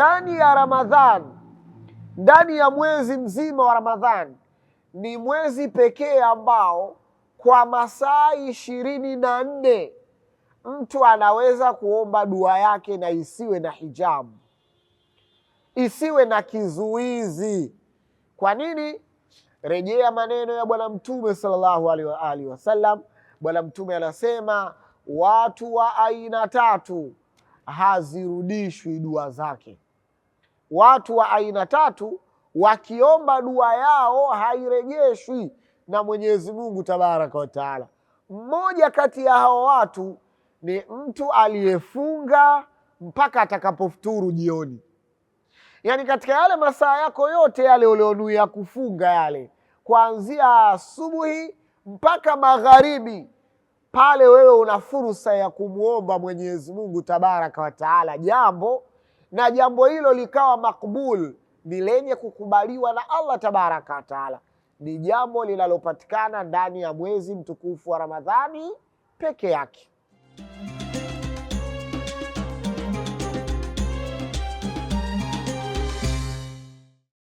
ndani ya Ramadhan, ndani ya mwezi mzima wa Ramadhan, ni mwezi pekee ambao kwa masaa ishirini na nne mtu anaweza kuomba dua yake na isiwe na hijabu, isiwe na kizuizi. Kwa nini? Rejea maneno ya Bwana Mtume sallallahu alaihi wa alihi wasallam. Bwana Mtume anasema watu wa aina tatu hazirudishwi dua zake. Watu wa aina tatu wakiomba dua yao hairejeshwi na Mwenyezi Mungu tabaraka wa taala. Mmoja kati ya hao watu ni mtu aliyefunga mpaka atakapofuturu jioni, yaani katika yale masaa yako yote yale ulionuia kufunga yale, kuanzia asubuhi mpaka magharibi, pale wewe una fursa ya kumwomba Mwenyezi Mungu tabaraka wa taala jambo na jambo hilo likawa makbul, ni lenye kukubaliwa na Allah tabaraka wa taala ni jambo linalopatikana ndani ya mwezi mtukufu wa Ramadhani peke yake.